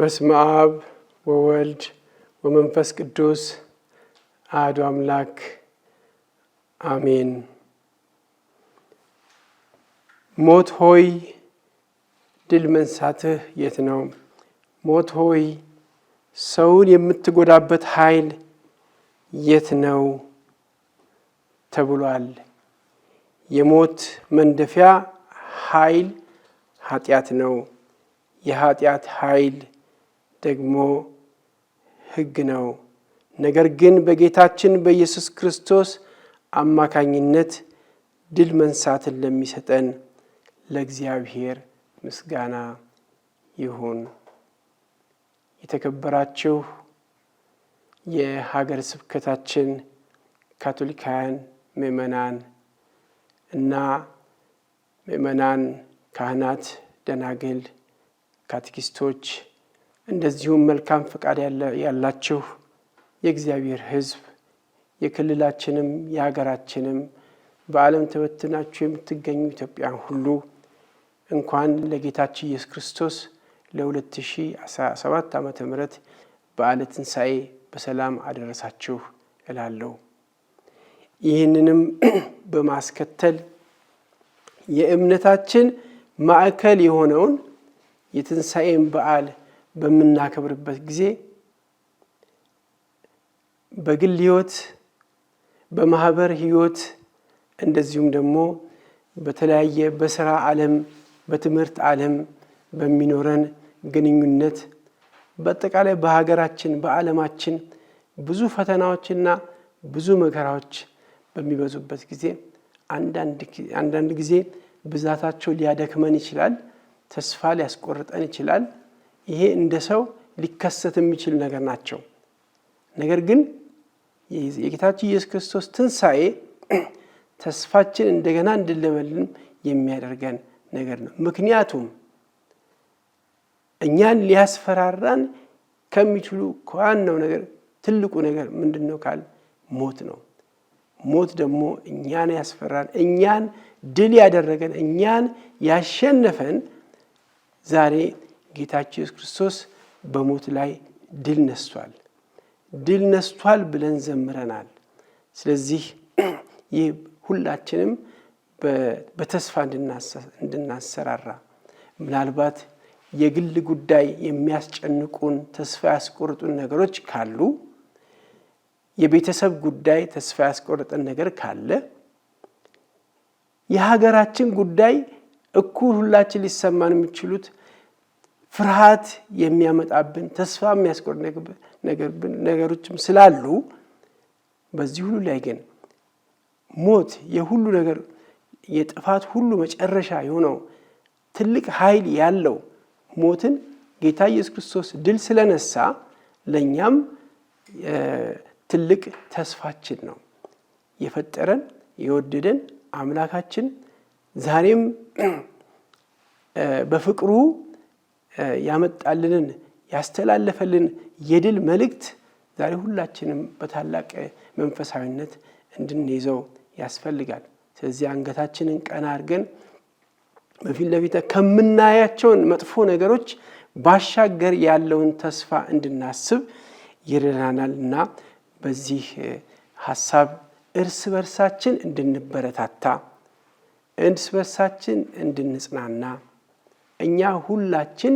በስመ አብ ወወልድ ወመንፈስ ቅዱስ አሐዱ አምላክ አሜን። ሞት ሆይ ድል መንሳትህ የት ነው? ሞት ሆይ ሰውን የምትጎዳበት ኃይል የት ነው ተብሏል። የሞት መንደፊያ ኃይል ኃጢአት ነው። የኃጢአት ኃይል ደግሞ ሕግ ነው። ነገር ግን በጌታችን በኢየሱስ ክርስቶስ አማካኝነት ድል መንሳትን ለሚሰጠን ለእግዚአብሔር ምስጋና ይሁን። የተከበራችሁ የሀገር ስብከታችን ካቶሊካውያን ምእመናን እና ምእመናን፣ ካህናት፣ ደናግል፣ ካቴኪስቶች እንደዚሁም መልካም ፈቃድ ያላችሁ የእግዚአብሔር ሕዝብ የክልላችንም የሀገራችንም በዓለም ተበትናችሁ የምትገኙ ኢትዮጵያን ሁሉ እንኳን ለጌታችን ኢየሱስ ክርስቶስ ለ2017 ዓ ምህረት በዓለ ትንሣኤ በሰላም አደረሳችሁ እላለሁ። ይህንንም በማስከተል የእምነታችን ማዕከል የሆነውን የትንሣኤን በዓል በምናከብርበት ጊዜ በግል ህይወት፣ በማህበር ህይወት እንደዚሁም ደግሞ በተለያየ በስራ ዓለም፣ በትምህርት ዓለም በሚኖረን ግንኙነት በአጠቃላይ በሀገራችን በዓለማችን ብዙ ፈተናዎችና ብዙ መከራዎች በሚበዙበት ጊዜ አንዳንድ ጊዜ ብዛታቸው ሊያደክመን ይችላል። ተስፋ ሊያስቆርጠን ይችላል። ይሄ እንደ ሰው ሊከሰት የሚችል ነገር ናቸው። ነገር ግን የጌታችን ኢየሱስ ክርስቶስ ትንሣኤ ተስፋችን እንደገና እንድለመልም የሚያደርገን ነገር ነው። ምክንያቱም እኛን ሊያስፈራራን ከሚችሉ ከዋናው ነገር ትልቁ ነገር ምንድን ነው ካል ሞት ነው። ሞት ደግሞ እኛን ያስፈራን፣ እኛን ድል ያደረገን፣ እኛን ያሸነፈን ዛሬ ጌታችን ኢየሱስ ክርስቶስ በሞት ላይ ድል ነስቷል፣ ድል ነስቷል ብለን ዘምረናል። ስለዚህ ይህ ሁላችንም በተስፋ እንድናሰራራ ምናልባት የግል ጉዳይ የሚያስጨንቁን ተስፋ ያስቆርጡን ነገሮች ካሉ የቤተሰብ ጉዳይ ተስፋ ያስቆረጠን ነገር ካለ የሀገራችን ጉዳይ እኩል ሁላችን ሊሰማን የሚችሉት ፍርሃት የሚያመጣብን ተስፋ የሚያስቆር ነገሮችም ስላሉ በዚህ ሁሉ ላይ ግን ሞት የሁሉ ነገር የጥፋት ሁሉ መጨረሻ የሆነው ትልቅ ኃይል ያለው ሞትን ጌታ ኢየሱስ ክርስቶስ ድል ስለነሳ ለእኛም ትልቅ ተስፋችን ነው። የፈጠረን የወደደን አምላካችን ዛሬም በፍቅሩ ያመጣልንን ያስተላለፈልን የድል መልእክት ዛሬ ሁላችንም በታላቅ መንፈሳዊነት እንድንይዘው ያስፈልጋል። ስለዚህ አንገታችንን ቀና አድርገን በፊት ለፊት ከምናያቸውን መጥፎ ነገሮች ባሻገር ያለውን ተስፋ እንድናስብ ይረዳናል እና በዚህ ሀሳብ እርስ በርሳችን እንድንበረታታ፣ እርስ በርሳችን እንድንጽናና እኛ ሁላችን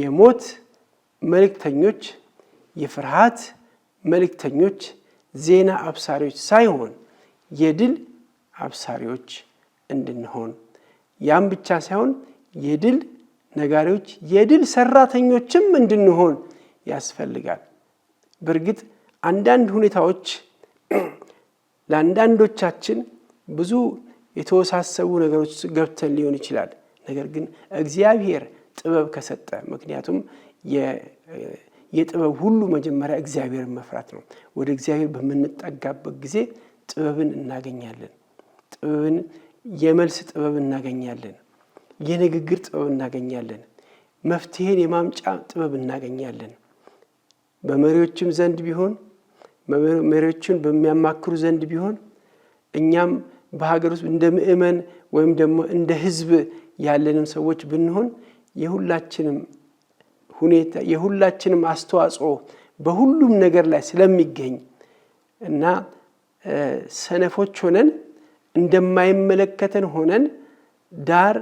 የሞት መልእክተኞች፣ የፍርሃት መልእክተኞች፣ ዜና አብሳሪዎች ሳይሆን የድል አብሳሪዎች እንድንሆን ያም ብቻ ሳይሆን የድል ነጋሪዎች፣ የድል ሰራተኞችም እንድንሆን ያስፈልጋል። በእርግጥ አንዳንድ ሁኔታዎች ለአንዳንዶቻችን ብዙ የተወሳሰቡ ነገሮች ገብተን ሊሆን ይችላል። ነገር ግን እግዚአብሔር ጥበብ ከሰጠ ምክንያቱም የጥበብ ሁሉ መጀመሪያ እግዚአብሔርን መፍራት ነው። ወደ እግዚአብሔር በምንጠጋበት ጊዜ ጥበብን እናገኛለን። ጥበብን የመልስ ጥበብ እናገኛለን። የንግግር ጥበብ እናገኛለን። መፍትሄን የማምጫ ጥበብ እናገኛለን። በመሪዎችም ዘንድ ቢሆን መሪዎችን በሚያማክሩ ዘንድ ቢሆን እኛም በሀገር ውስጥ እንደ ምእመን ወይም ደግሞ እንደ ህዝብ ያለንም ሰዎች ብንሆን የሁላችንም ሁኔታ የሁላችንም አስተዋጽኦ በሁሉም ነገር ላይ ስለሚገኝ እና ሰነፎች ሆነን እንደማይመለከተን ሆነን ዳር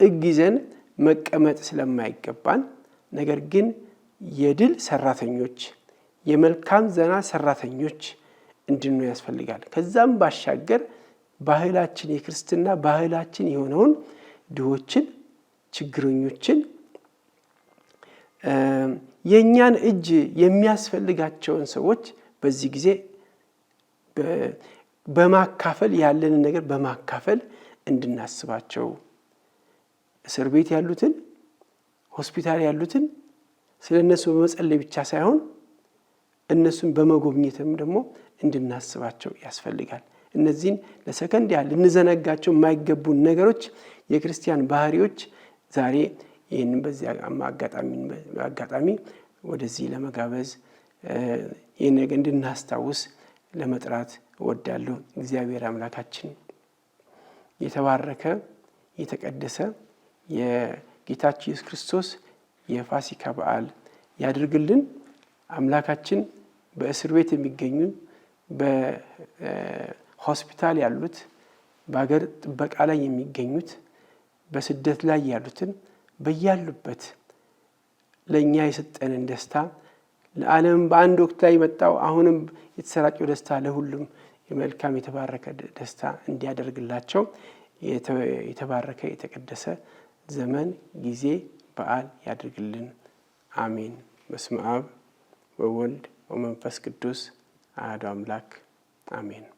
ጥግ ይዘን መቀመጥ ስለማይገባን ነገር ግን የድል ሰራተኞች የመልካም ዘና ሰራተኞች እንድንሆን ያስፈልጋል። ከዛም ባሻገር ባህላችን የክርስትና ባህላችን የሆነውን ድሆችን፣ ችግረኞችን የእኛን እጅ የሚያስፈልጋቸውን ሰዎች በዚህ ጊዜ በማካፈል ያለንን ነገር በማካፈል እንድናስባቸው እስር ቤት ያሉትን ሆስፒታል ያሉትን ስለ እነሱ በመጸለይ ብቻ ሳይሆን እነሱን በመጎብኘትም ደግሞ እንድናስባቸው ያስፈልጋል። እነዚህን ለሰከንድ ያህል ልንዘነጋቸው የማይገቡን ነገሮች የክርስቲያን ባህሪዎች ዛሬ ይህንን በዚህ አጋጣሚ ወደዚህ ለመጋበዝ ይህ ነገ እንድናስታውስ ለመጥራት እወዳለሁ። እግዚአብሔር አምላካችን የተባረከ የተቀደሰ የጌታችን ኢየሱስ ክርስቶስ የፋሲካ በዓል ያድርግልን። አምላካችን በእስር ቤት የሚገኙ ሆስፒታል ያሉት፣ በሀገር ጥበቃ ላይ የሚገኙት፣ በስደት ላይ ያሉትን በያሉበት ለእኛ የሰጠንን ደስታ ለዓለም በአንድ ወቅት ላይ መጣው አሁንም የተሰራጨው ደስታ ለሁሉም የመልካም የተባረከ ደስታ እንዲያደርግላቸው የተባረከ የተቀደሰ ዘመን ጊዜ በዓል ያድርግልን። አሜን። በስመ አብ ወወልድ ወመንፈስ ቅዱስ አህዶ አምላክ አሜን።